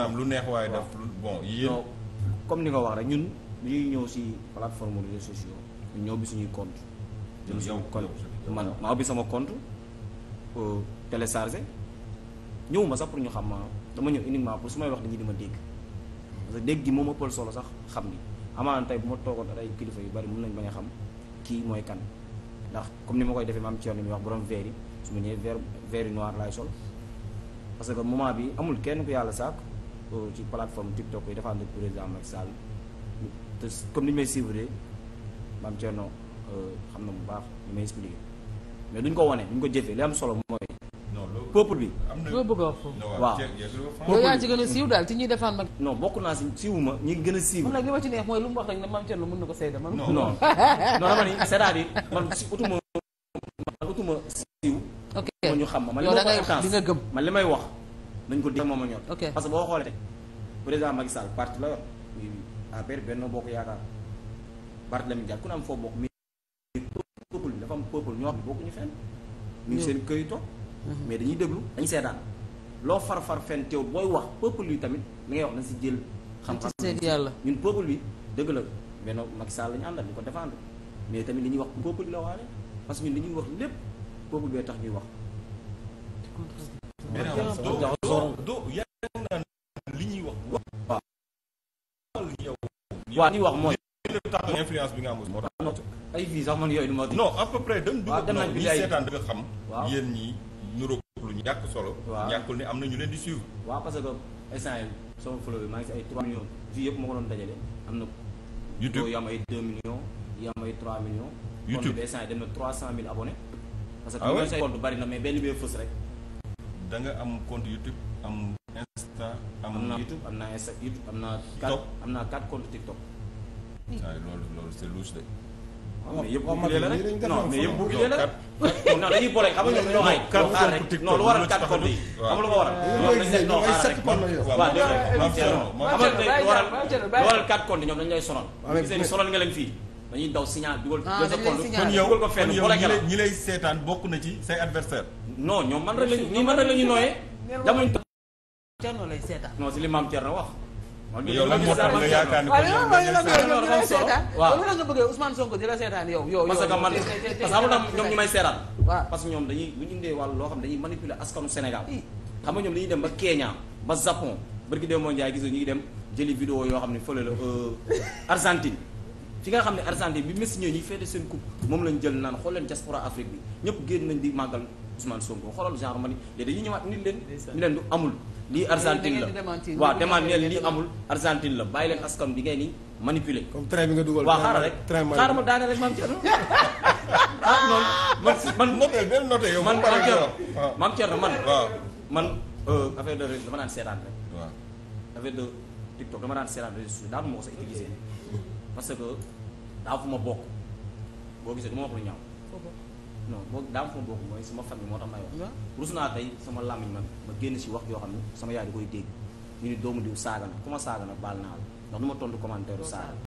maanaam lu neex comme ni nga wax rek ñun bi ñëw si plateforme réseaux sociaux ñu ñëw bi suñuy compte jël suñu compte man maa bi sama compte euh, téléchargé ñëwuma sax pour ñu xam ma dama ñëw uniquement su may wax dañuy di ma dégg parce que gi moom ëppal solo sax xam ni amaana tey bu ma toogoon ay kilifa yu bari mën nañ ba nga xam kii mooy kan ndax comme ni ma koy defee maam ci yoon mi wax boroom verre yi su ma ñëwee verre verre noir laay sol parce que moment bi amul kenn ku yàlla saako. Euh, ci plateforme TikTok yi dafa de ak président Macky Sall te comme ni may suivre maam Thierno euh, xam na bu baax ni may expliqué mais duñ ko wane duñ ko jëfee li am solo mooy. peuple bi. loo bëgg a wax foofu. waaw yow yaa ci gën a siiw daal ci ñuy defaan mag. non bokk naa si siiwuma ñi gën a siiw. man li ma ci neex mooy lu mu wax rek ne maam Thierno mën na ko seede man. non non dama ni c'est-à-dire man si utuma man utuma siiw. ok loolu da ngay di nga gëm man li may wax. nañ ko dégg moom a ñor parce que boo xoolee tey président Macky Sall parti la yor muy APR Benno Bokk Yaakaar parti la mu am foo bokk mais peuple bi dafa ñoo xam ne bokkuñu ñu ngi seen këyito mhm. mais dañuy déglu dañuy seetaan loo far-far fenn teew wax peuple bi tamit li ngay wax na si jël xam-xam ñun peuple bi dëgg la Benno Macky Sall la ñu àndal ñu ko défendre mais tamit li ñuy wax peuple bi la waale parce que ñun li ñuy wax lépp peuple bee tax ñuy wax non doo yaa naan li ñuy wax bu baax. yow waaw li wax mooy. influence bi nga am moo tax. ay vies sax man yooyu du ma. non à peu près dañ. waaw danañ bi lay seetaan da nga xam. solo. waaw ñàkkul am na ñu leen di suivre. waaw parce que instant yii sama bi maa ngi si ay 3 millions vies yëpp moo ko doon dajale am na. YouTube yu am ay 2 millions yu am ay 3 millions. YouTube compte bi instant yii dem na 300 000 abonnés. Ah parce que bu say compte bari na mais benn bee fës rek. da nga am compte YouTube. am insta am na youtube am na insta youtube am na quatre am naa quatre compte tiktok waaye loolu loolu c'est louche de mais yëpp bu gilee la rek non mais yëpp bu gilee la rek non dañuy boole xam nga lu waral quatre compte yi xam nga lu ko waral ñoom dañ ñoom dañ lay sonal gisee ni sonal nga leen fii dañuy daw signal dugal sa compte kon yow ko ñi lay seetaan bokk na ci say adversaire non ñoom man rek lañu ñoom man rek la nooyee Thierno lay seetaan. non si li maam Thierno wax. man yow lan moo tax nga yaakaar ni nga bëggee Ousmane Sonko di la seetaan yow. yow parce que xam nga ñoom ñu may seetaan. waaw parce que ñoom dañuy bu ñu indee wàllu loo dem ba Kenya ba Japon barki Demba Ndiaye gis ñu ngi dem jëli vidéo yoo xam ne fële la euh, Argentine. fi nga xam ne Argentine bi Messi ñëw ñuy féete seen coupe moom lañ jël naan xool leen Afrique bi ñëpp génn nañ di màggal Ousmane Sonko xoolal genre ma ni léegi dañuy ñëwaat nit leen ñu leen du amul lii Argentine la waaw démentir lii amul Argentine la bàyyi leen askan bi ngay ni manipuler comme train bi nga dugal waaw xaaral rek xaaral ma daane rek maam Thierno ah noonu man man noté benn noté yow man maam Thierno maam Thierno man man euh, affaire de dama naan seetaan rek waaw affaire de TikTok dama daan seetaan réseaux sociaux daanu ma ko sax utiliser parce que daa fu ma bokk boo gisee du ma wax lu ñaaw non boo daam fu ma bokk mooy sama famille moo tax may wax rus naa tey sama làmmiñ man ma génn si wax yoo xam ne sama yaay di koy dégg ñu ni doomu diw saaga na ku ma saaga na baal naa la ndax du ma tontu commentaire u saaga